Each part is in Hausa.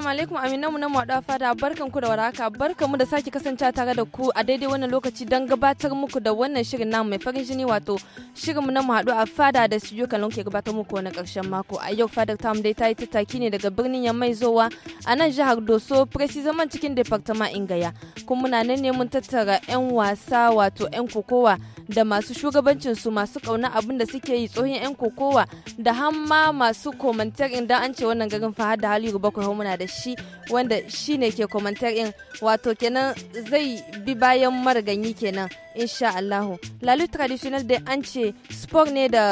Assalamu alaikum aminanmu na maɗa fada ku da waraka mu da sake kasance tare da ku a daidai wannan lokaci don gabatar muku da wannan shirin namu mai farin jini wato mu na haɗu a fada da su kalon ke gabatar muku wani ƙarshen mako a yau fadar mu dai ta yi tattaki ne daga birnin Yammai zowa a nan jihar Doso precisaman cikin departama Ingaya kuma muna nan ne mun tattara 'yan wasa wato 'yan kokowa da masu shugabancin su masu kauna abin da suke yi tsohon 'yan kokowa da hamma masu komantar idan an ce wannan garin fahad da hali bakwai muna da shi wanda shi ne ke komantar in wato kenan zai bi bayan marganyi kenan insha Allahu lalu traditional da an ce sport ne da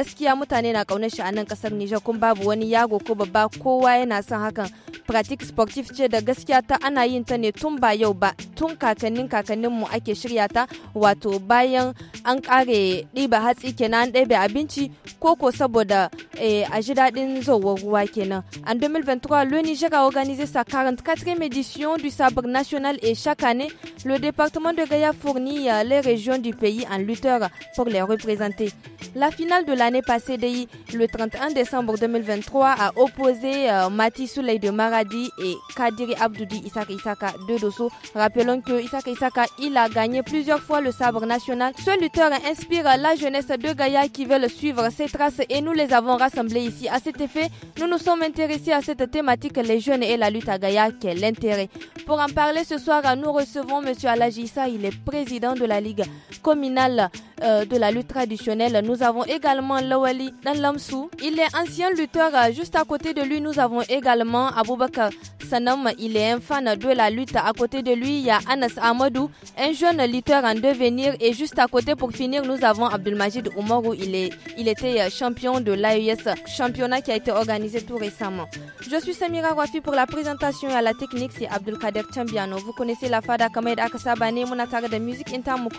gaskiya mutane na kaunar shi a nan kasar Nijar kun babu wani yago ko babba kowa yana son hakan pratique sportif ce da gaskiya ta ana yin ta ne tun ba yau ba tun kakannin mu ake shirya ta wato bayan an kare ɗiba hatsi kenan an ɗebe abinci ko ko saboda eh, a ji daɗin zowar ruwa kenan an 2023 le a organisé sa 44e édition du sabre national et chaque année, le département de Gaïa fournit euh, les régions du pays en lutteurs pour les représenter. La finale de l'année passée, le 31 décembre 2023, a opposé euh, Mati Souley de Maradi et Kadiri Abdoudi Isaka Isaka de Dosso. Rappelons que Isaka Isaka, il a gagné plusieurs fois le sabre national. Ce lutteur inspire la jeunesse de Gaïa qui veulent suivre ses traces et nous les avons rassemblés ici. À cet effet, nous nous sommes intéressés à cette thématique les jeunes et la lutte à Gaïa, quel intérêt Pour en parler ce soir, nous recevons M. Alagissa, il est président de la Ligue communale euh, de la lutte traditionnelle. Nous avons également Lawali Nalamsou il est ancien lutteur. Euh, juste à côté de lui, nous avons également Aboubakar Sanam, il est un fan de la lutte. À côté de lui, il y a Anas Amadou, un jeune lutteur en devenir. Et juste à côté, pour finir, nous avons Abdelmajid Oumarou, il, est, il était euh, champion de l'AES, championnat qui a été organisé tout récemment. Je suis Samira Roy mafi pour la présentation à la technique, c'est Abdulkader Chambiano. Vous connaissez la fada kamar da aka saba ne muna interne da music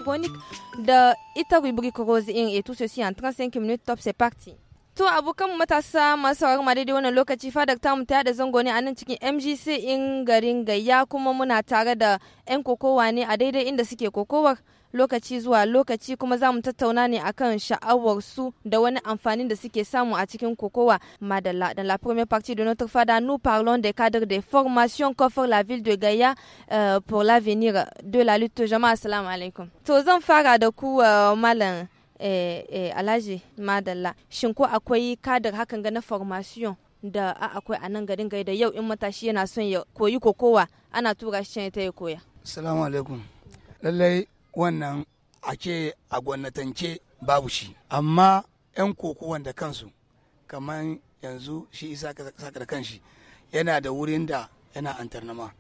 chronique da ita rubrique Rose In et tout ceci en 35 minutes top c'est parti. To abokan matasa masu sauraron ma daidai wannan lokaci fadar tamu ta da zango ne a nan cikin MGC in garin gayya kuma muna tare da 'yan kokowa ne a daidai inda suke kokowar. lokaci zuwa lokaci kuma za mu tattauna ne akan sha'awar su da wani amfani da suke samu a cikin kokowa madalla da la première partie de notre fada nous parlons des cadres de formation qu'offre la ville de Gaya euh, pour l'avenir de la lutte jama'a assalamu alaikum to zan fara da ku euh, malam eh, eh, alhaji madalla shin ko akwai kadar hakan ga na formation da akwai a nan garin gaida yau in matashi yana son ya koyi kokowa ana tura shi ta ya koya. Assalamu alaikum. Lallai wannan ake a gwannatance babu shi amma 'yan koko da kansu kamar yanzu shi isa da kanshi yana da wurin da yana antarnama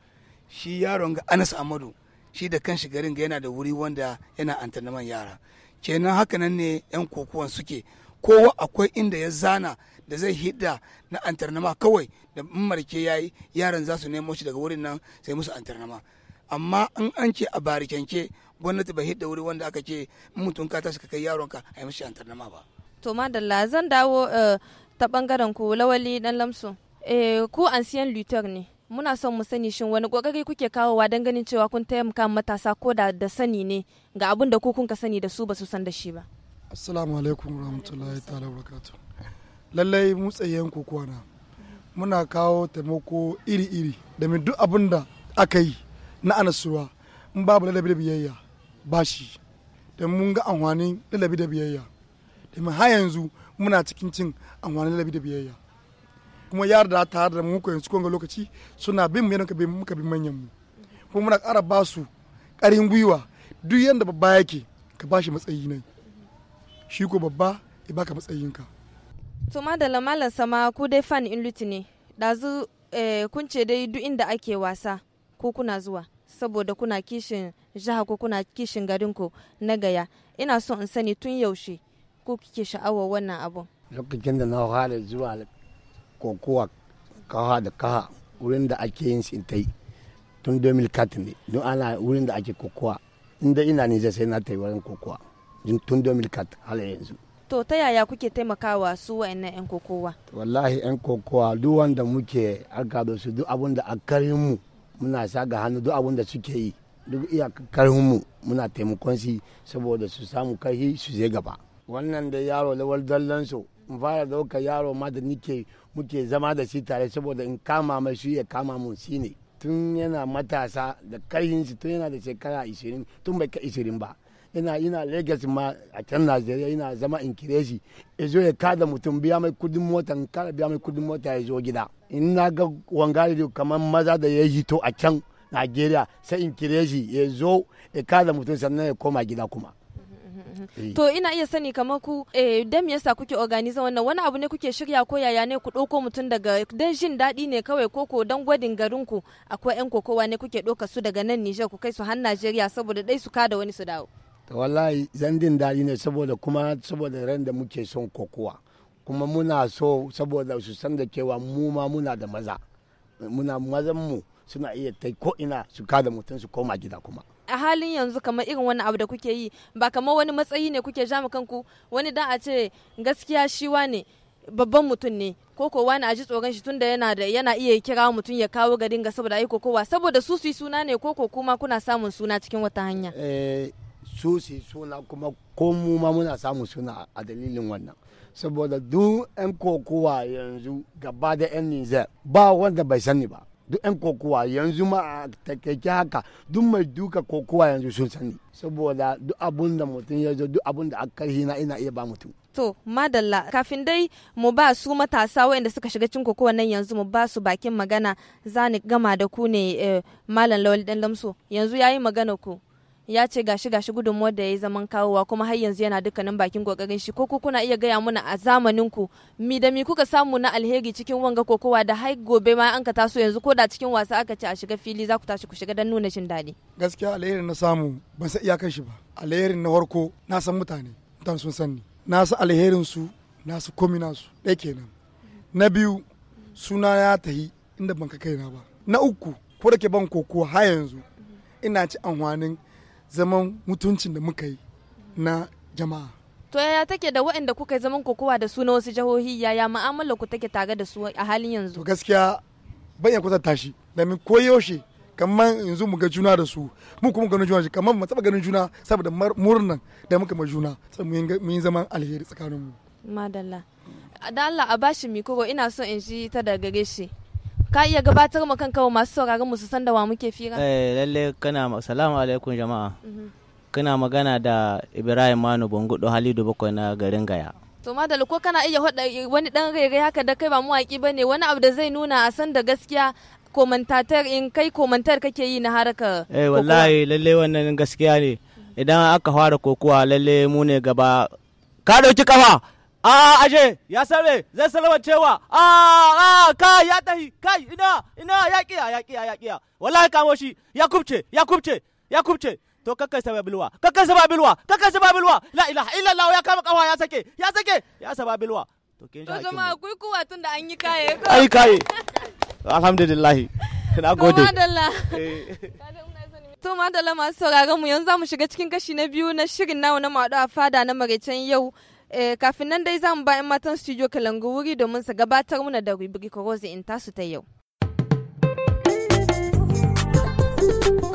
shi yaron ga anas amadu shi da kanshi garin ga yana da wuri wanda yana antarnaman yara kenan hakanan ne 'yan kokowan suke kowa akwai inda ya zana da zai hidda na antarnama kawai da marke ya yi yaran za su nemo shi daga wurin nan sai musu antarnama amma in an ce a barikanke gwamnati ba hidda wuri wanda aka ce mutum ka tashi ka kai yaronka a yi mishi antarnama ba. to madalla zan dawo eh, ta bangaren ku lawali dan lamsu eh, ku ancien luther ne muna son mu sani shin wani kokari kuke kawowa don ganin cewa kun taimaka matasa ko da da sani ne ga abin da ku kun ka sani da su ba su san da shi ba assalamu alaikum warahmatullahi ta'ala barakatu lallai mu tsayen kokowa na muna kawo taimako iri-iri da duk abin da aka yi na anasuwa in babu ladabi da biyayya bashi da mun ga amfanin lalabi da biyayya domin har yanzu muna cikin cin amfanin lalabi da biyayya kuma da tare da mu yanzu kun lokaci suna bin mu yadda muka bin manyan mu kuma muna ƙara ba su ƙarin gwiwa duk yadda babba yake ka ba shi matsayi nan shi ko babba ya baka matsayinka to madalla malam sama ku dai fan in luti ne ɗazu eh, kun ce dai duk inda ake wasa ko kuna zuwa saboda kuna kishin jiha ko kuna kishin garinku na gaya ina so in sani tun yaushe ko kike sha'awar wannan abun lokacin da na fara zuwa kokowa kaha da kaha wurin da ake yin sintai tun 2004 ne don ana wurin da ake kokowa inda ina ne sai na yi wurin kokowa tun 2004 hala yanzu to ta yaya kuke taimakawa su wa'annan 'yan kokowa wallahi 'yan kokowa duk wanda muke aka da su duk abin da a mu muna sa ga hannu duk abin da suke yi duk mu muna taimakon su saboda su samu karhi su zai gaba wannan da yaro lawal dallansu in fara ɗauka yaro ma da nike muke zama da shi tare saboda in kama mai shi ya kama mun shi ne tun yana matasa da karhin shi tun yana da shekara 20 tun bai ka 20 ba ina ina Lagos ma a can Najeriya ina zama in kire shi ya zo ya kada mutum biya mai kudin mota in kada biya mai kudin mota ya zo gida in na ga wangari kamar maza da ya yi to a can Najeriya sai in kire shi ya zo ya kada mutum sannan ya koma gida kuma. To ina iya sani kamar ku eh dan yasa kuke organize wannan wani abu ne kuke shirya ko yaya ne ku dauko mutum daga dan jin daɗi ne kawai ko ko dan gwadin garin ku akwai yan kokowa ne kuke doka su daga nan Niger ku kai su har Najeriya saboda dai su kada wani su dawo. To wallahi zan din dadi ne saboda kuma saboda ran da muke son kokowa. kuma muna so saboda su san da cewa mu ma muna da maza muna mazan mu suna iya ta ko ina su kada mutum su koma gida kuma a halin yanzu kamar irin wani abu da kuke yi ba kamar wani matsayi ne kuke ja kanku wani dan a ce gaskiya shi ne babban mutum ne ko ko wani a ji tsoron shi tunda yana da yana iya kira mutum ya kawo garin ga saboda aiko kowa saboda su su suna ne ko ko kuma kuna samun suna cikin wata hanya eh su su suna kuma ko mu ma muna samun suna a dalilin wannan saboda duk 'yan kokowa yanzu gaba da 'yan nizar ba wanda bai sani ba duk 'yan kokowa yanzu ma a takaice haka duk mai duka kokowa yanzu sun sani saboda duk abun da mutum ya zo duk abun da aka na ina iya ba mutum to madalla kafin dai mu ba su matasa wanda suka shiga cin kokowa nan yanzu mu ba su bakin magana zani gama da ku ne eh, malam lawal dan lamso yanzu yayi magana ku ya ce gashi gashi gudunmuwar da ya yi zaman kawowa kuma har yanzu yana dukkanin bakin kokarin shi ko ku kuna iya gaya mana a zamanin ku mi da mi kuka samu na alheri cikin wanga kokowa da har gobe ma an ka taso yanzu ko da cikin wasa aka ce a shiga fili za ku tashi ku shiga dan nuna jin daɗi gaskiya alherin na samu ban san kan shi ba alherin na farko na san mutane mutane sun sani na san alherin su na su komi su ɗaya kenan na biyu suna ya tahi inda ban ka kaina ba na uku ko da ke ban kokowa har yanzu ina ci anhwanin zaman mutuncin da muka yi na jama'a to yaya take da waɗanda kuka yi zaman kokowa da su na wasu jihohi yaya ma'amala ku take tare da su a halin yanzu to gaskiya ban ya kusa tashi da min koyaushe kamar yanzu mu ga juna da su mu kuma ganin juna kamar mu taba ganin juna saboda murnan da muka ma juna mu yi zaman alheri tsakanin mu madalla da Allah a bashi mikoro ina so in ji ta daga gare shi ka iya gabatar ma kanka wa masu sauraron mu su san da wa muke fira eh lalle kana assalamu alaikum jama'a mhm. kana magana da Ibrahim Manu Bangudo Halidu bakwai na garin Gaya to madalla ko kana iya hada wani dan rere haka da kai ba mu waki bane wani abu da zai nuna a san da gaskiya komentator in kai komantar kake yi na haraka eh wallahi lalle wannan gaskiya ne idan aka fara kokowa lalle mu ne gaba ka dauki kafa a aje ya sarre zai salwace wa a a kai ya tahi kai ina ina ya kiya ya kiya ya kiya wallahi kamo shi ya kubce ya kubce ya kubce to kakkai saba kakkai saba bilwa kakkai saba bilwa la ilaha allah ya kama kawa ya sake ya sake ya saba bilwa to kin shi jama'a kuyi kuwa tun da an yi kaye ai kaye alhamdulillah na gode eh. To madalla masu sauraron mu yanzu za mu shiga cikin kashi na biyu na shirin nawa na maɗu a fada na maraicen yau Eh, kafin nan dai zamu bayan matan studio kalangu wuri domin su gabatar muna da rubrika rose in tasu ta yau.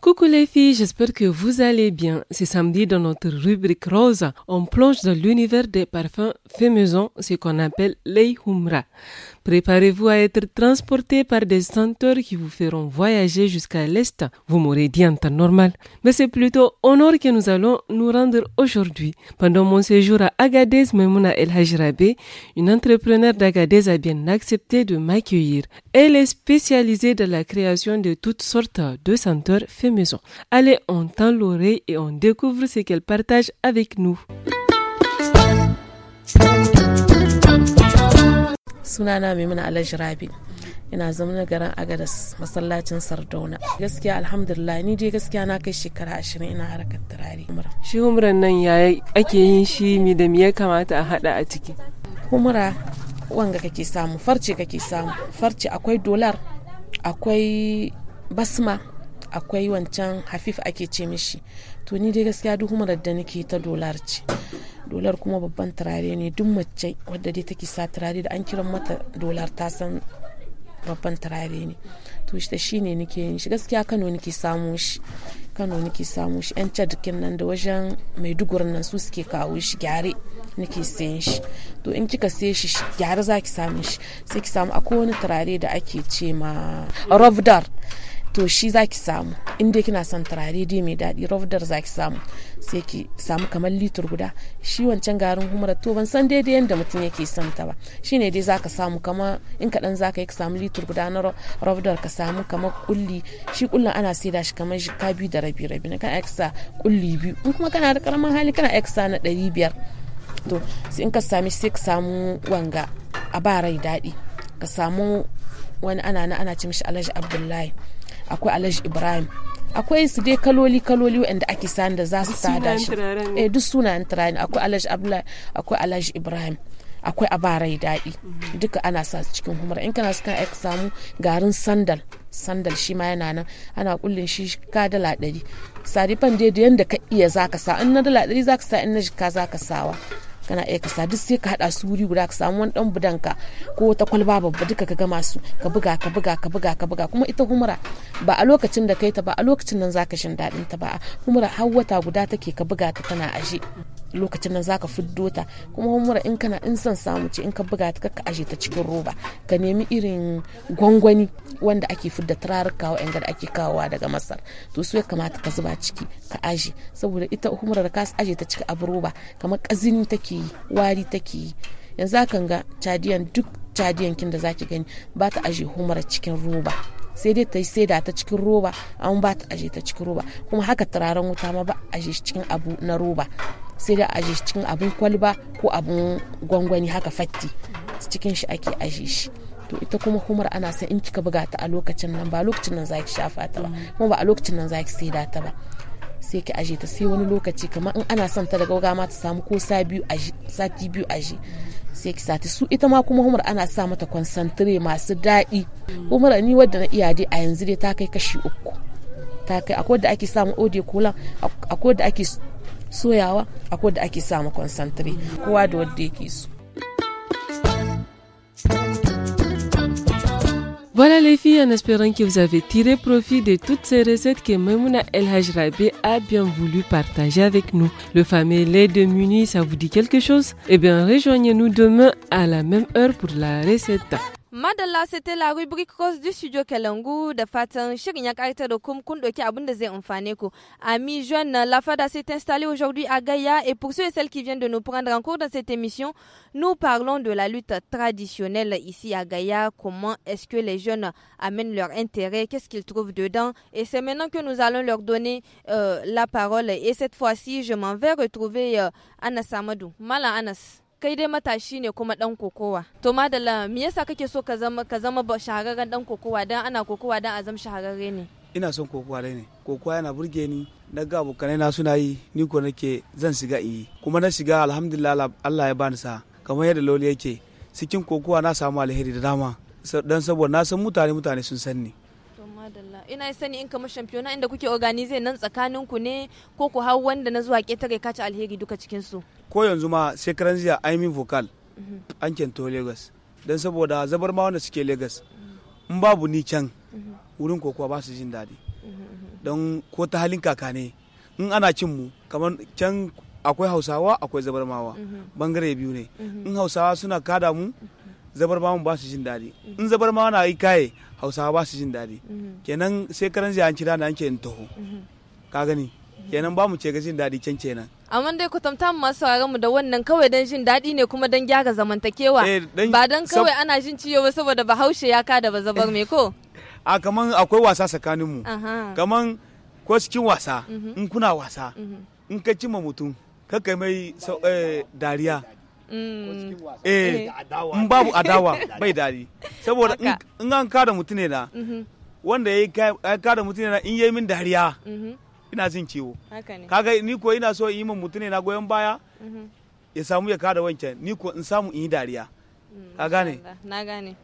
Coucou les filles, j'espère que vous allez bien. C'est samedi dans notre rubrique rose. On plonge dans l'univers des parfums faits ce qu'on appelle les humra. Préparez-vous à être transporté par des senteurs qui vous feront voyager jusqu'à l'est. Vous m'aurez dit en temps normal. Mais c'est plutôt honneur que nous allons nous rendre aujourd'hui. Pendant mon séjour à Agadez, Memouna El Hajrabe, une entrepreneur d'Agadez a bien accepté de m'accueillir. Elle est spécialisée dans la création de toutes sortes de senteurs fait maison. Allez, on tend l'oreille et on découvre ce qu'elle partage avec nous. sunana maimuna alhaji rabi ina zama na garin agadas masallacin sardauna gaskiya alhamdulillah ni dai gaskiya na kai shekara ashirin ina harkar turare shi humran nan ya ake yin shi mi da mi ya kamata a hada a ciki humra wanga kake samu farce kake samu farce akwai dolar akwai basma akwai wancan hafif ake ce mishi to ni dai gaskiya duk humrar da nake ta dolar ce dolar kuma babban turare ne duk mace wadda dai take sa turare da an kiran mata dolar ta san babban turare ne to shi shine nake yin shi gaskiya Kano nake samu shi Kano nake samu shi yan cadikin nan da wajen Maiduguri nan su suke kawo shi gyare nake sayan shi to in kika saye shi gyare zaki samu shi sai ki samu akwai wani turare da ake ce ma Rovdar to shi zaki samu in dai kina son turare dai mai daɗi rafdar zaki samu sai ki samu kamar litur guda shi wancan garin humra to ban san daidai yadda mutum yake son ta ba shine dai zaka samu kama in kaɗan zaka yi ka samu litur guda na rafdar ka samu kamar kulli shi kullin ana saida shi kamar ka biyu da rabi rabi na kana eksa kulli biyu in kuma kana da karamin hali kana eksa na ɗari biyar to in ka sami sai ka samu wanga a ba rai daɗi ka samu wani ana na ana ci mishi alhaji abdullahi akwai alhaji ibrahim akwai su dai kaloli kaloli wanda ake sani da za su sada shi eh duk sunayen ne akwai alhaji abdullahi akwai alhaji ibrahim akwai abarai daɗi mhm. duka ana sa su cikin humra in kana suka aika samu garin sandal sandal shi ma yana nan ana kullin shi ka dala ɗari sarifan dai da yanda ka iya zaka sa in na dala ɗari zaka sa in na jika zaka sawa kana iya kasa duk sai ka hada su wuri guda ka samu wani dan budanka ko wata kwalba babba duka ka gama su ka buga ka buga ka buga ka buga kuma ita humura ba a lokacin da kai ta ba a lokacin nan zaka shin dadin ta ba humura har wata guda take ka buga ta tana aje lokacin nan zaka fiddo ta kuma humura in kana in son samu ce in ka buga ta ka aje ta cikin roba ka nemi irin gwangwani wanda ake fidda turaruka wa da ake kawowa daga masar to su ya kamata ka zuba ciki ka aje saboda ita humura da ka aje ta ciki abu roba kamar kazini take yi wari take yi yanzu akan ga cadiyan duk kin da zaki gani ba ta aje humura cikin roba sai dai ta yi da ta cikin roba an ba ta aje ta cikin roba kuma haka turaren wuta ma ba aje cikin abu na roba sai da aje shi cikin abin kwalba ko abin gwangwani haka fatti cikin shi ake aje shi to ita kuma humar ana san in kika buga ta a lokacin nan ba lokacin nan zaki shafa ta ba mm. kuma ba a lokacin nan zaki da ta ba sai ki aje ta sai wani lokaci kamar in ana son ta daga ma ta samu ko sati biyu aje sai ki sati su ita ma kuma humar ana sa mata konsantire masu daɗi humar mm. ni wadda na iya dai a yanzu dai ta kai kashi uku ta kai akwai da ake samu ode kolan akwai da ake Voilà les filles, en espérant que vous avez tiré profit de toutes ces recettes que Maimouna El Hajrabi a bien voulu partager avec nous. Le fameux lait de Muni, ça vous dit quelque chose Eh bien, rejoignez-nous demain à la même heure pour la recette. Madala, c'était la rubrique rose du studio Kalangu de fatan shirin ya da kun doki la Fada s'est installée aujourd'hui à Gaïa et pour ceux et celles qui viennent de nous prendre en cours dans cette émission, nous parlons de la lutte traditionnelle ici à Gaïa. Comment est-ce que les jeunes amènent leur intérêt, qu'est-ce qu'ils trouvent dedans et c'est maintenant que nous allons leur donner euh, la parole et cette fois-ci je m'en vais retrouver euh, Anas Amadou. Mala Anas. kai dai matashi ne kuma dan kokowa to madalla me yasa kake so ka zama ka zama shahararren dan kokowa dan ana kokowa dan a zama shahararre ne ina son kokowa ne kokowa yana burge ni na ga abokanai na suna yi ni ko nake zan shiga in yi kuma na shiga alhamdulillah Allah ya bani sa kamar yadda loli yake cikin kokowa na samu alheri da dama dan saboda na san mutane mutane sun san ina sani in kamar shampiyona inda kuke organize nan tsakanin ku ne ko ku hau wanda na zuwa ketare kaci alheri duka cikin su ko yanzu ma karan jiya aimin vocal mhm. an kento lagos don saboda zabar ma wanda suke lagos in babu ni can mhm. wurin kokowa ba su jin daɗi mhm, don ko ta halin kaka ne in ana cin mu kamar can akwai hausawa akwai zabarmawa bangare biyu ne in hausawa suna kada mu mawa ba su jin daɗi in zabarmawa na yi kaye hausawa ba su jin daɗi mhm. kenan sai karan an kira da an ce in taho mhm. ka gani kenan ba mu ce ga jin daɗi can kenan amma dai ku tamta masu sauraron mu da wannan kawai dan jin daɗi ne kuma dan gyara zamantakewa eh, ba dan kawai ana jin ciyo ba saboda bahaushe ya kada ba zabar me ko a kaman akwai wasa tsakanin mu kaman ko cikin wasa mhm. in kuna wasa in ka cimma mutum ka kai mai eh, dariya Mm. eh in babu adawa bai dadi saboda in an kada mutune na mm-hmm. wanda ya kada mutune na in yi min dariya mm-hmm. ina jin ciwo kaga ni ko ina so yi min mutune na goyon baya mm-hmm. ya samu ya kada wancan ni ko in samu in yi dariya mm, ka gane na gane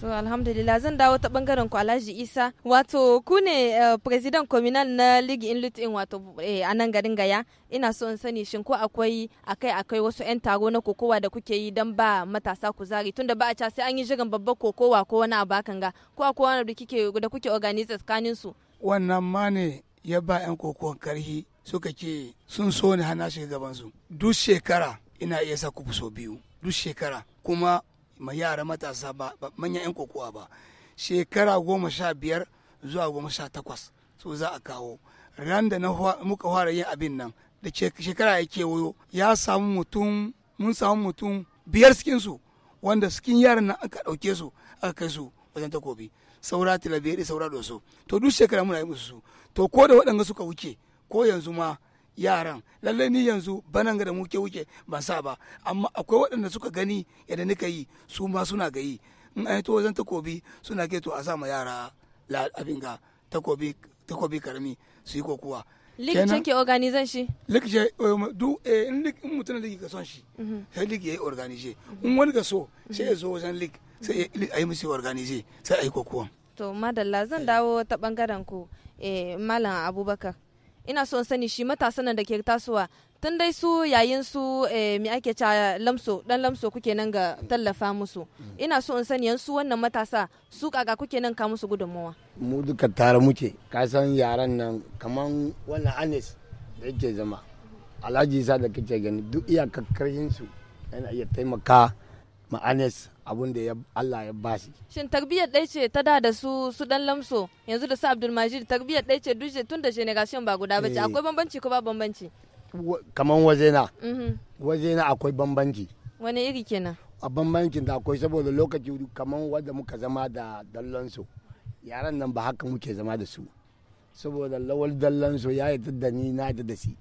To alhamdulillah zan dawo ta bangaren ku Alhaji Isa wato ku ne eh, president communal na League in Lutin wato eh, a nan garin Gaya ina so in sani shin ko akwai akai akai wasu yan taro na kokowa da kuke yi dan ba matasa kuzari tunda ba a ca sai an yi jiran babbar kokowa ko wani abu ga ko akwai wani da kike da kuke organize tsakanin su wannan ma ne ya ba yan kokowan karhi suka ce sun so ni hana shi gaban su duk shekara ina iya sa ku so biyu duk shekara kuma ma yara matasa ba manyan 'yan kokowa ba shekara goma sha biyar zuwa goma sha takwas so za a kawo ran da muka fara yin abin nan da shekara ya kewayo ya samu mutum mun samu mutum biyar cikin su wanda cikin yaran nan aka ɗauke su aka kai su wajen takobi saura talabiyar saura da su to duk shekara muna yi musu su to ko da waɗanda suka wuce ko yanzu ma yaran lallai ni yanzu bananga da muke wuke ban sa ba amma akwai waɗanda suka gani yadda nika yi su ma suna gayi in an to wajen takobi suna ke to a sa ma yara abin ga takobi takobi karami su yi kokuwa likicin ke organizan shi likice um, du eh, in mutum liki ka son shi mhm. sai lik ya yi organize in wani ka so sai ya zo wajen lik sai a yi musu organize sai a yi kokuwan to madalla zan dawo ta bangaren ku eh, malam abubakar ina son sani shi matasanan da ke tasowa tun dai su yayin su eh, me ake ca lamso dan lamso kuke nan ga tallafa musu ina so in sani yansu wannan matasa su kaka kuke nan ka musu gudunmawa mu duka tare muke ka san yaran nan kaman wannan anes da yake zama alhaji isa da kake gani duk iyakar su yana iya taimaka ma anes abun da Allah ya shi. Shin tarbiyyar ɗai ce ta da da su su ɗan lamso yanzu da su Abdulmajid tarbiyyar ɗai ce duje tun da generation ba guda bace eh. akwai bambanci ko ba bambanci? Kaman wajena. Mhm. Wajena akwai bambanci. Wani iri kenan? A bambancin da akwai saboda lokaci kamar wanda muka zama da dallonsu yaran nan ba haka muke zama da su saboda lawal dallonsu ya yi da ni na da si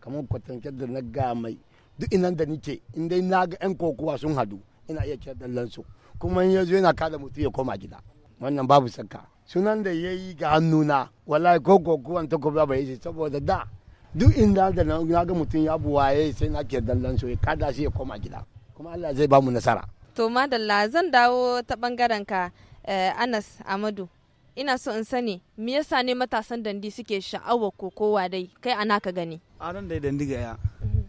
kamar kwatance da na ga mai duk inan da nike in dai na ga 'yan kokowa sun hadu ina iya kira dallansu kuma in ya zo yana kada mutu ya koma gida wannan babu saka sunan da ya yi ga hannuna wallahi ko kokuwan ta kuma bai yi saboda da duk inda da na ga mutum ya buwaye sai na ke dallansu ya kada shi ya koma gida kuma Allah zai bamu nasara to madalla zan dawo ta bangaren ka eh, Anas Amadu ina so in sani me yasa ne matasan dandi suke sha'awar kokowa dai kai ana gani a nan dai dandi ga ya mhm.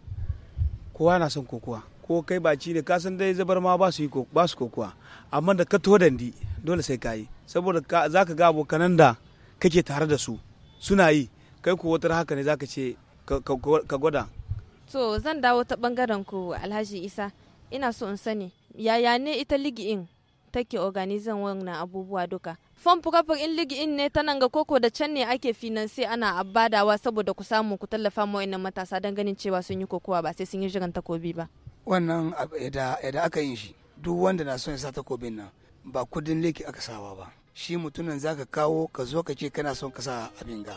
kowa na son kokowa ko kai baci ne ka san dai zabar ma ba su yi ba su kokuwa amma da ka to dandi dole sai ka yi saboda za ka ga abokanan da kake tare da su suna yi kai ko wata haka ne za ka ce ka gwada to zan dawo ta bangaren ku alhaji isa ina so in sani yaya ne ita ligi'in take organizan wannan abubuwa duka fon fukafuk in ligi'in ne ta nan ga koko da can ne ake sai ana abadawa saboda ku samu ku tallafa ma matasa don ganin cewa sun yi kokowa ba sai sun yi jiran takobi ba wannan da aka yin shi duk wanda na son ya sa takobin nan ba kudin leki aka sawa ba shi mutumin za ka kawo ka zo ka ce kana son ka sa abin ga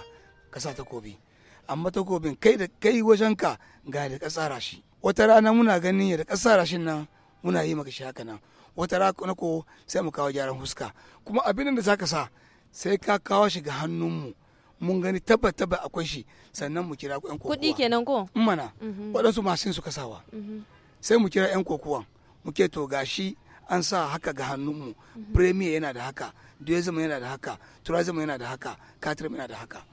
ka takobi amma takobin kai da kai wajen ka ga da ka tsara shi wata rana muna ganin ya da ka shi nan muna yi maka shi haka nan wata rana ko sai mu kawo gyaran huska kuma abin da za ka sa sai ka kawo shi ga hannunmu mun gani tabbatabba akwai shi sannan mu kira ku kuɗi kenan ko mana mm-hmm. waɗansu masu suka sawa mm-hmm. sai mu kira 'yan kokuwan muke to gashi an sa haka ga hannunmu premier yana da haka dualism yana da haka turazama yana da haka catrim yana da haka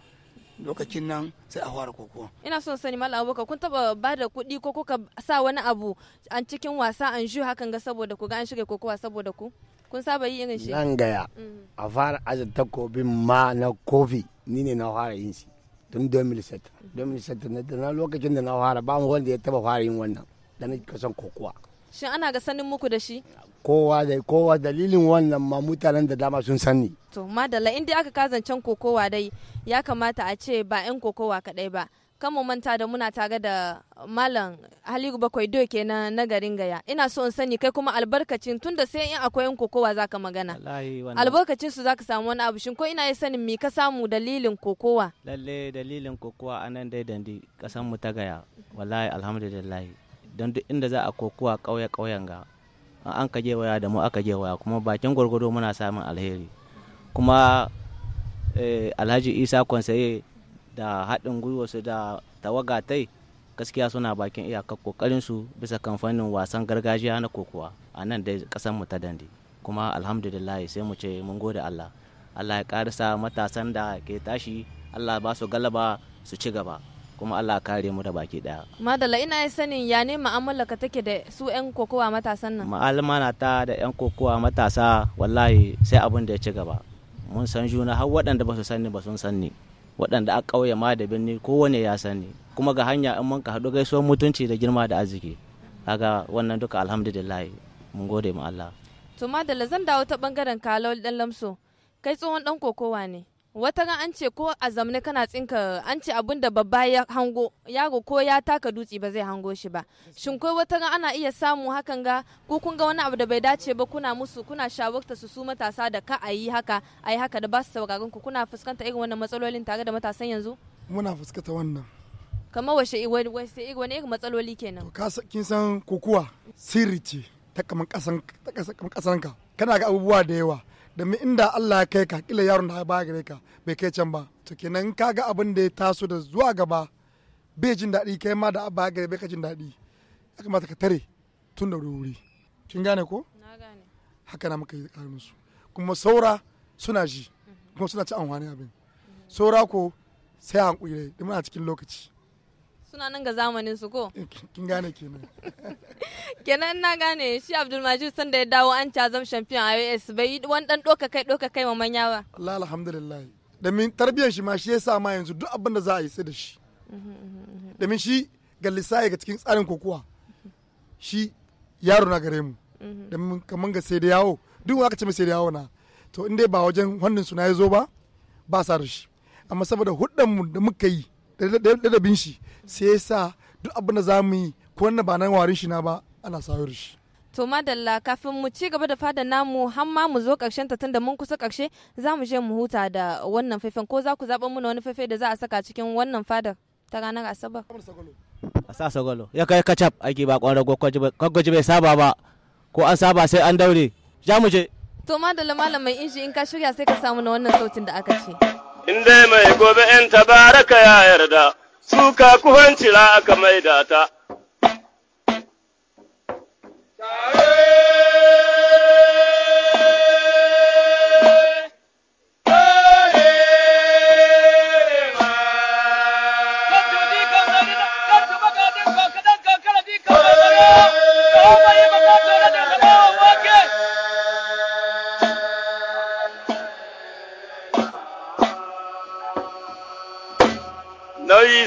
lokacin nan sai a fara kokowa ina son sani malam abuka kun taba ba da kuɗi ko kuka sa wani abu an cikin wasa an ju hakan ga saboda ku ga an shirya kokowa saboda ku kun saba yi irin shi nan gaya mm. a fara azin takobin ma na kofi ni ne na fara yin shi tun 2007 mm. 2007 na lokacin da na fara ba mu wanda ya taba fara yin wannan da na kasan kokowa shin ana ga sanin muku da shi kowa da kowa dalilin wannan ma mutanen da dama sun sani to madala in dai aka kazancen kokowa dai ya kamata a ce ba 'yan kokowa kaɗai ba kan mu manta da muna tare da malam halilu bakwai do kenan na garin gaya ina so in sani kai kuma albarkacin tunda sai in akwai yan kokowa za ka magana albarkacin su za ka samu wani abu shin ko ina yi sanin mi ka samu dalilin kokowa lalle dalilin kokowa anan dai dandi kasan mu ta gaya wallahi alhamdulillah don duk inda za a kokowa ƙauye ƙauyen ga an ka je waya da mu aka je waya kuma bakin gwargwado muna samun alheri kuma eh, alhaji isa kwansaye da haɗin su da tawagatai gaskiya suna bakin iyakar su bisa kamfanin wasan gargajiya na kokowa a nan dai kasan mu ta dande kuma alhamdulillah sai mu ce mun gode Allah Allah ya karisa matasan da ke tashi Allah ba su galaba su ci gaba kuma Allah kare mu da baki daya madalla ina sanin ya ne ma'amala ka take da su yan kokowa matasan nan ma'alma na ta da yan kokowa matasa wallahi sai abin da ya ci gaba mun san juna har waɗanda ba su sani ba sun sani waɗanda a ƙauye ma da birni kowane ya sani kuma ga hanya in mun ka haɗu gaisuwar mutunci da girma da arziki kaga wannan duka alhamdulillah mun gode ma Allah to madalla zan dawo ta bangaren kalol ɗan lamso kai tsohon ɗan kokowa ne wata ran an ce ko a zamne kana tsinka an ce abin da babba ya hango yaro ko ya taka dutse ba zai hango shi ba shin kai wata ran ana iya samu hakan ga ko kun ga wani abu da bai dace ba kuna musu kuna shawarta su su matasa da ka a yi haka a yi haka da ba su sauraron ku kuna fuskanta irin wannan matsalolin tare da matasan yanzu muna fuskanta wannan kamar washe wani irin matsaloli kenan to kin san kokuwa sirri ce ta kaman kasan ka kana ga abubuwa da yawa domin inda Allah ya kai ka kila yaron da ba gare ka bai kai can ba to kenan ka ga abin da ya taso da zuwa gaba bai jin daɗi kai ma da ba gare bai ka jin daɗi ya kamata ka tare tun da wuri kin gane ko na gane haka na muka yi musu kuma saura suna ji kuma suna ci amfani abin mhm. saura ko sai hankuri da muna cikin lokaci suna nan ga zamanin su ko eh, kin gane kenan kenan na gane shi abdulmajid san da ya dawo an cazam champion ios bai yi wani dan doka kai doka kai ma manya ba Allah alhamdulillah domin tarbiyyar shi ma shi sa ma yanzu duk abin da za a yi sai da shi domin shi ga lissaye ga cikin tsarin kokowa shi yaro na gare mu domin kamar ga sai da yawo duk aka ce mai sai da yawo na to inda ba wajen wannan suna ya zo ba ba sa da shi amma saboda mu da muka yi bin shi sai ya sa duk abin da za mu yi ko wannan ba nan warin shi na ba ana sayar shi To madalla kafin mu ci gaba da fada namu har ma mu zo karshen ta tunda mun kusa karshe za mu je mu huta da wannan faifan ko za ku zaɓa muna wani faifai da za a saka cikin wannan fadar ta ranar asabar. A sa sagwalo ya kai kacap ake ba ƙwarar gwaggwaji bai saba ba ko an saba sai an daure ja mu je. To madalla malam mai inji in ka shirya sai ka samu na wannan sautin da aka ce. in dai mai gobe in tabaraka ya yarda, suka kuhancira aka maida ta.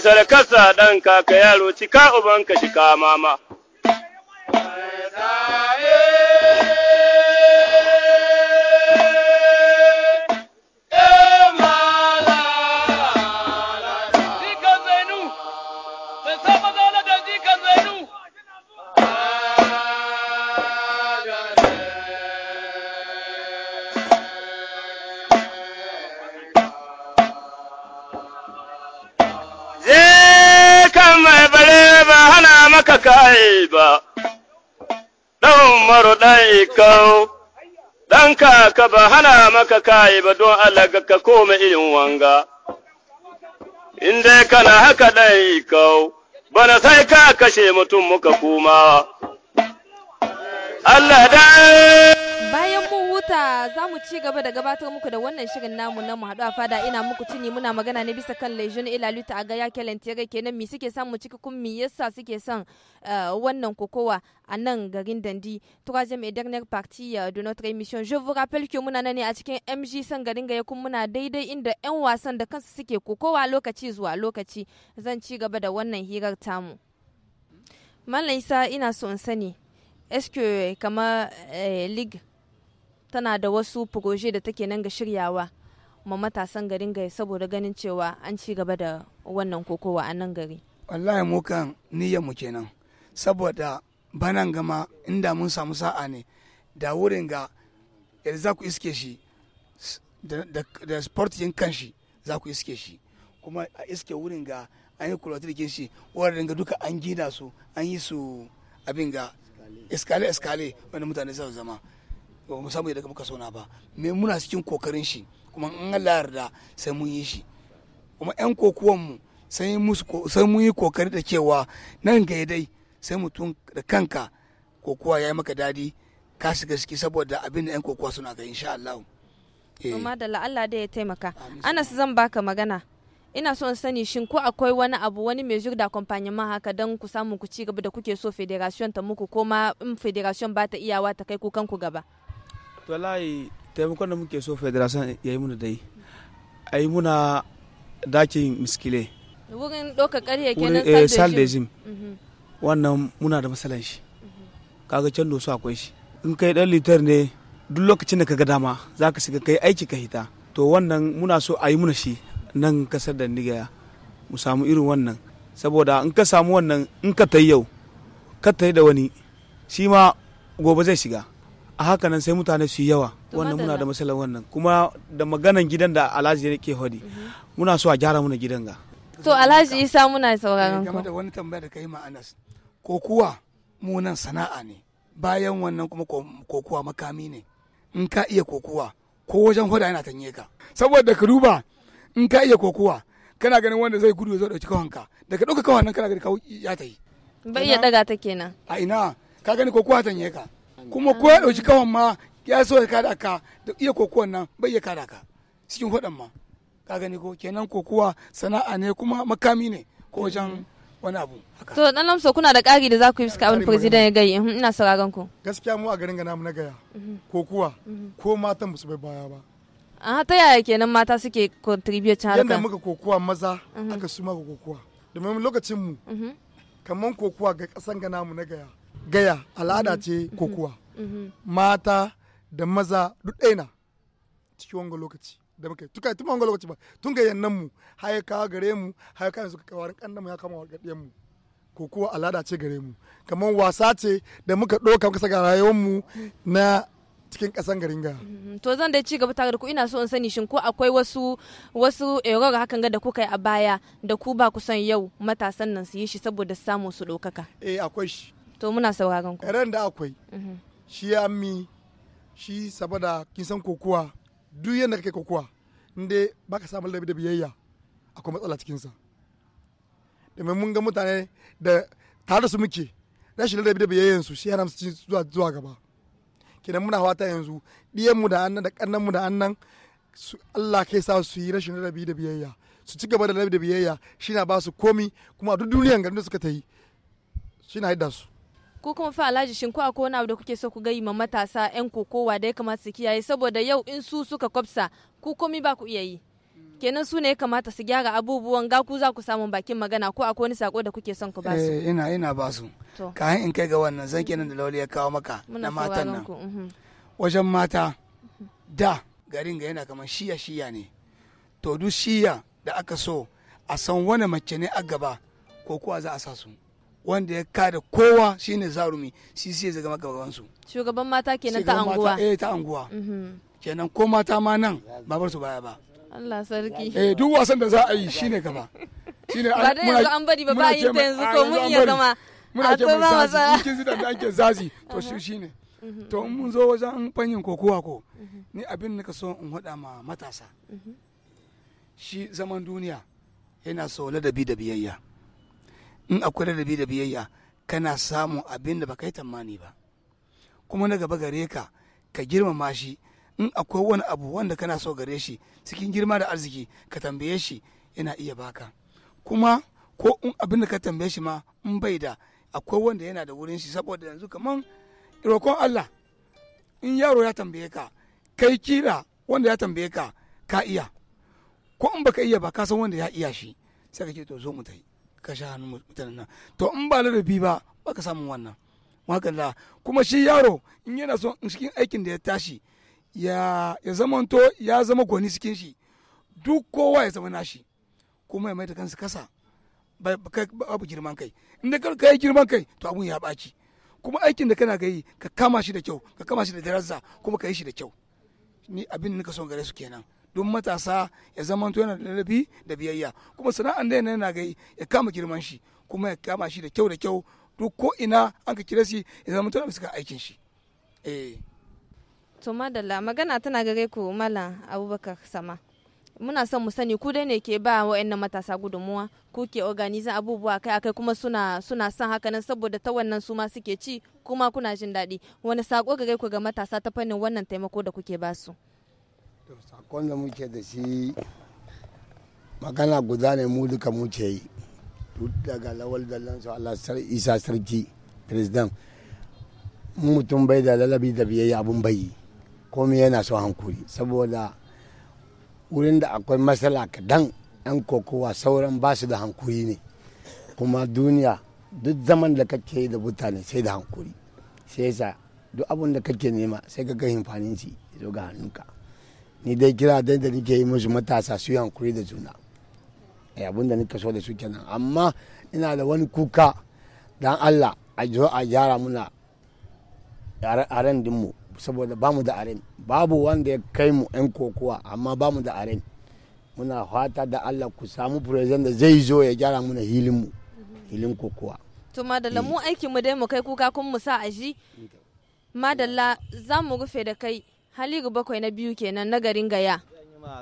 sadakarsa ɗan kaka yaro cika ubanka shika mama. kau, ɗanka ka ba hana maka kayi ba don Allah ka koma irin wanga. In dai kana haka ɗai kau, bana sai ka kashe mutum muka kuma. Allah dai haka za mu ci gaba da gabatar muku da wannan shirin namu na mu haɗu a fada ina muku tuni muna magana ne bisa kan lejon ilaluta a gaya yake kenan mi suke son mu ciki kun mi yasa suke son eh, wannan kokowa a nan garin dandi troisième et dernière partie eh, de notre émission je vous rappelle que muna nan a cikin mg san garin gaya kun muna daidai inda yan wasan da kansu suke kokowa lokaci zuwa lokaci zan ci gaba da wannan hirar tamu Mallam ina so in sani, est-ce que kama eh, League tana da wasu fugoje da take nan ga shiryawa ma matasan garin gai saboda ganin cewa an ci gaba da wannan kokowa a nan gari wallahi mu kan niyyar mu kenan saboda banan gama inda mun samu sa'a ne da wurin ga za ku iske shi da sport yin kan shi za ku iske shi kuma a iske wurin ga an yi kulatu da shi wadda ga duka an gina su an yi su abin ga iskale iskale wanda mutane zama ba mu samu daga muka sona ba me muna cikin kokarin shi kuma in Allah yarda sai mun yi shi kuma yan kokuwan mu sai mun yi kokari da cewa nan ga dai sai mutum da kanka kokuwa ya maka dadi ka shiga ciki saboda abin da yan kokuwa suna ga insha eh. Allah amma da Allah da ya taimaka anas zan baka magana ina son sani shin ko akwai wani abu wani mesure da ma haka don ku samu ku ci gaba da kuke so federation ta muku ko ma in federation ba ta iyawa ta kai ku kanku gaba to taimakon da muke so federation ya yi muna dai a yi muna dakin miskile wurin ɗaukar ƙarya kenan eh, saldezim mhm. wannan muna da matsalan shi mhm. kaga can dosu akwai shi in kai ɗan litar ne duk lokacin da ka ga dama za ka shiga kai aiki ka hita to wannan muna so a yi muna shi nan kasar da nigaya mu samu irin wannan saboda in ka samu wannan in ka ta yau ka ta yi da wani shi ma gobe zai shiga a haka nan sai mutane su yi yawa wannan muna da matsalar wannan kuma da maganan gidan da alhaji ne ke hodi mhm. muna so a gyara muna gidan ga to alhaji isa muna sauraron ku eh, game da wani tambaya da kai ma ko kuwa mu nan sana'a ne bayan wannan kuma kokuwa makami ne in ka iya kokuwa ko wajen hoda yana tanye ka saboda ka duba in ka iya kokuwa kana ganin wanda zai gudu zai dauki kawanka daga dauka kawan nan kana ganin ya ta yi bai iya daga ta kenan a ina ka gani kokuwa tanye ka kuma ko ya ɗauki kawan ma ya so ya kada ka da iya kokuwan nan bai iya kada ka cikin hudan ma ka gani ko kenan kokuwa sana'a ne kuma makami ne ko wajen wani abu to dan lamsa kuna da ƙari da za ku yi suka abin president ya gayi ina sauraron ku gaskiya mu a garin ga namu na gaya mhm. kokuwa mhm. ko matan ba su bai baya ba a ta yaya kenan mata suke contribute harka yadda muka kokuwa maza mhm. aka su maka kokuwa domin lokacin mu kamar kokuwa ga kasan ga namu na gaya gaya al'ada ce mm-hmm. Mm-hmm. kokuwa mm-hmm. mata da maza duk ɗaya na cikin wanga lokaci da muka yi tuka tun wanga lokaci ba tun ga yannan mu haya kawo gare mu haya kawo suka kawo kan mu ya kama wargaɗiyan mu kokuwa al'ada ce gare mu kamar wasa ce da muka ɗauka muka saka rayuwar mu na cikin kasan garin ga. To zan dai ci gaba tare da ku ina so in sani shin ko akwai wasu wasu error hakan ga da kuka yi a baya da ku ba ku son yau matasan nan su yi shi saboda samu su ɗaukaka. Eh akwai shi to muna sauraron ku ran da akwai mhm. shi ya mi shi saboda kin san kokuwa duk yadda kake kokuwa inda baka samu da biyayya akwai matsala cikin sa domin mun ga mutane da tare su muke rashin ladabi da biyayyan su shi haramsu cin zuwa zuwa gaba kenan muna ta yanzu diyan mu da annan da kannan mu da annan Allah kai sa su yi rashin ladabi da biyayya su ci gaba da ladabi da biyayya shi na ba su komi kuma duk duniyan garin da suka ta yi shi na su ko kuma fa alhaji shin ko akwai wani abu da kuke so ku gayi ma matasa yan kokowa da ya kamata su kiyaye saboda yau in su suka kwafsa ku komi ba ku iya yi kenan su ne ya kamata su gyara abubuwan ga ku za ku samu bakin magana ko akwai wani sako da kuke son ku ba su eh, ina ina ba su kayan in kai ga wannan zan kenan da lauli ya kawo maka na matan nan uhuh. wajen mata da garin ga yana kamar shiya shiya ne to duk shiya da aka so a san wani mace ne a gaba ko kuwa za a sa su wanda ya kada kowa shine zarumi shi sai zai zama gabansu shugaban mata kenan ta anguwa eh ta anguwa mhm. kenan ko mata ma nan ba bar su baya ba Allah sarki eh duk wasan da za a yi shine gaba shine ba da yanzu an bari ba ba yin ta yanzu ko mun iya zama muna ce mun zazi kin zidan da ake zazi to shi shine mhm. to in mun zo wajen fanyin kokowa ko ni abin nika so in hada ma matasa mhm. shi zaman duniya yana so ladabi da biyayya in akwai ladabi da biyayya kana samun abin da baka yi tamani ba kuma na gaba gare ka ka girmama shi in akwai wani abu wanda kana so gare shi cikin girma da arziki ka tambaye shi yana iya baka kuma ko in abin da ka tambaye shi ma in bai da akwai wanda yana da wurin shi saboda yanzu kaman roƙon Allah in yaro ya tambaye ka kai kira wanda ya tambaye ka ka iya ko in baka iya ba ka san wanda ya iya shi sai ka ce to zo mu tai ka sha hannun mutanen nan to in ba ladabi ba ba ka samun wannan makalla kuma shi yaro in yana so son cikin aikin da ya tashi ya zama to ya zama gwani cikin shi duk kowa ya zama nashi kuma ya da kansa kasa babu girman kai in da ka yi girman kai to abun ya baci kuma aikin da kana ga yi ka kama shi da kyau ka kama shi da darasa kuma ka yi shi da kyau ni abin da nika son gare su kenan duk matasa ya zama to yana da ladabi da biyayya kuma sana'an da yana gai ya kama girman shi kuma ya kama shi da kyau da kyau duk ko ina an ka kira shi ya zama tana bisa aikin shi eh to madalla magana tana gare ku malam abubakar sama muna son mu sani ku dai ne ke ba wa'annan matasa gudunmuwa ku ke organizan abubuwa kai akai kuma suna suna son haka nan saboda ta wannan su ma suke ci kuma kuna jin daɗi wani sako gare ku ga matasa ta fannin wannan taimako da kuke basu sakon da muke da shi magana guda ne mu duka muke yi duk daga lawal dallan su Allah isa sarki president mutum bai da lalabi da biyayya abun bayi komai yana so hankuri saboda wurin da akwai matsala dan yan kokowa sauran ba su da hankuri ne kuma duniya duk zaman da kake da mutane sai da hankuri sai yasa duk abun da kake nema sai ka ga himfanin shi zo ga hannunka ni dai kira da nike yi musu matasa su yankuri da juna eh, abin da nika so da su kenan amma ina da wani kuka dan allah a zo a gyara muna aren dinmu saboda ba mu da aren babu wanda ya kai mu yan kokowa amma ba mu da aren muna fata da allah ku samu president da zai zo ya gyara muna hilinmu hilin kokowa to madalla mu eh. aiki mu dai mu kai kuka kun mu sa aji madalla za mu rufe da kai Haligu bakwai na biyu kenan na garin Gaya.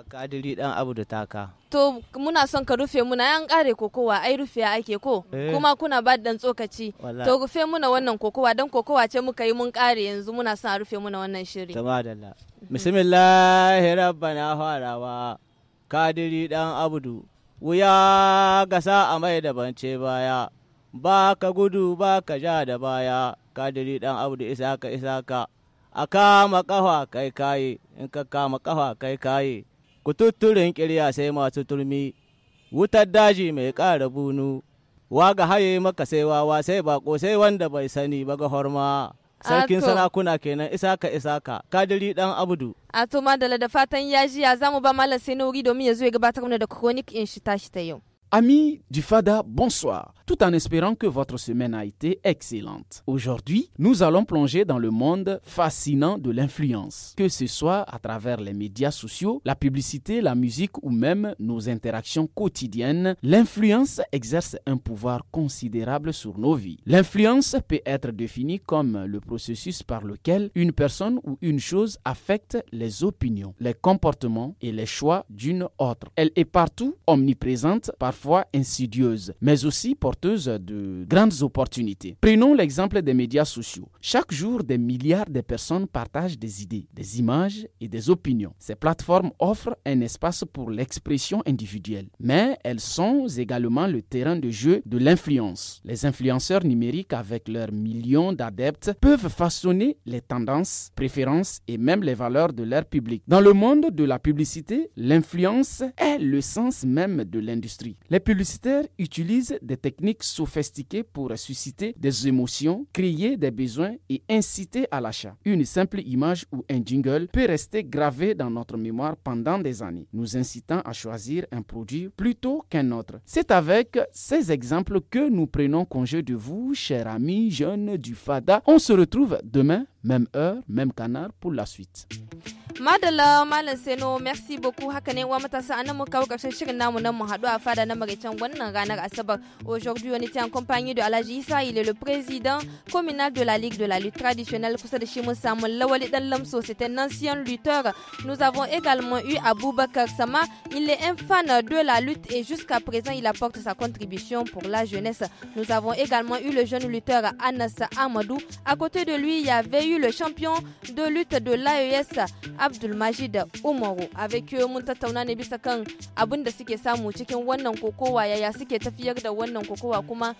kadiri dan abu da taka to muna son ka rufe muna yan kare kokowa ai rufiya ake ko eh. kuma kuna ba dan tsokaci to rufe muna wannan kokowa dan kokowa ce muka yi mun kare yanzu muna son a rufe muna wannan shiri tamadalla bismillahir rabbana harawa. kadiri dan abudu wuya gasa a mai da bance baya ba ka gudu ba ka ja da baya kadiri dan isa ka, isa ka. a kama ƙafa kai kaye in ka kama ƙafa kai kaye tutturin kirya sai masu turmi wutar daji mai ƙara bunu wa ga haye maka sai wawa sai bako sai wanda bai sani ba ga horma sarkin sarakuna kenan isaka isaka kadiri dan abudu a to madala da fatan ya jiya zamu ba malam sai domin ya zo ya gabatar mana da chronic in shi tashi ta yau Amis du Fada, bonsoir, tout en espérant que votre semaine a été excellente. Aujourd'hui, nous allons plonger dans le monde fascinant de l'influence, que ce soit à travers les médias sociaux, la publicité, la musique ou même nos interactions quotidiennes. L'influence exerce un pouvoir considérable sur nos vies. L'influence peut être définie comme le processus par lequel une personne ou une chose affecte les opinions, les comportements et les choix d'une autre. Elle est partout, omniprésente, parfois insidieuse insidieuses, mais aussi porteuse de grandes opportunités. Prenons l'exemple des médias sociaux. Chaque jour, des milliards de personnes partagent des idées, des images et des opinions. Ces plateformes offrent un espace pour l'expression individuelle, mais elles sont également le terrain de jeu de l'influence. Les influenceurs numériques, avec leurs millions d'adeptes, peuvent façonner les tendances, préférences et même les valeurs de leur public. Dans le monde de la publicité, l'influence est le sens même de l'industrie. Les publicitaires utilisent des techniques sophistiquées pour susciter des émotions, créer des besoins et inciter à l'achat. Une simple image ou un jingle peut rester gravé dans notre mémoire pendant des années, nous incitant à choisir un produit plutôt qu'un autre. C'est avec ces exemples que nous prenons congé de vous, chers amis jeunes du FADA. On se retrouve demain, même heure, même canard pour la suite. Madalla Malam merci beaucoup. ranar Asabar. Aujourd'hui, on était en compagnie de Alaji Issa, il est le président communal de la Ligue de la lutte traditionnelle kusa Lawali Dan c'est un ancien lutteur. Nous avons également eu Aboubakar Sama, il est un fan de la lutte et jusqu'à présent, il apporte sa contribution pour la jeunesse. Nous avons également eu le jeune lutteur Anas Amadou. À côté de lui, il y avait eu le champion de lutte de l'AES abdul da umaru a bai mun tattauna ne bisa kan abin da suke samu cikin wannan kokowa yaya suke tafiyar da wannan kokowa kuma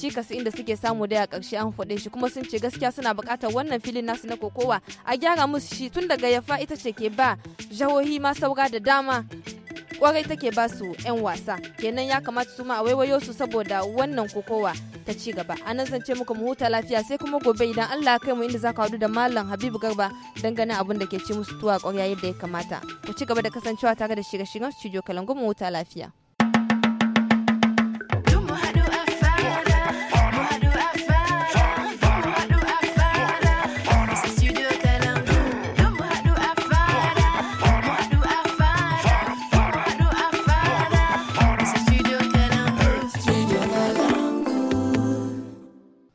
cikas inda suke samu da a karshe an faɗe shi kuma sun ce gaskiya suna buƙatar wannan filin nasu na kokowa a gyara musu shi tun daga yafa ita ce ke ba jahohi ma saura da dama kwarai take ba su 'yan wasa kenan ya kamata su ma a waiwayo su saboda wannan kokowa ta ci gaba a nan zance muku mu huta lafiya sai kuma gobe idan Allah kai mu inda za ka hadu da mallam Habibu Garba dangane abin da ke ci musu tuwa kwarya yadda ya kamata ku ci gaba da kasancewa tare da shirye-shiryen studio Kalangu mu huta lafiya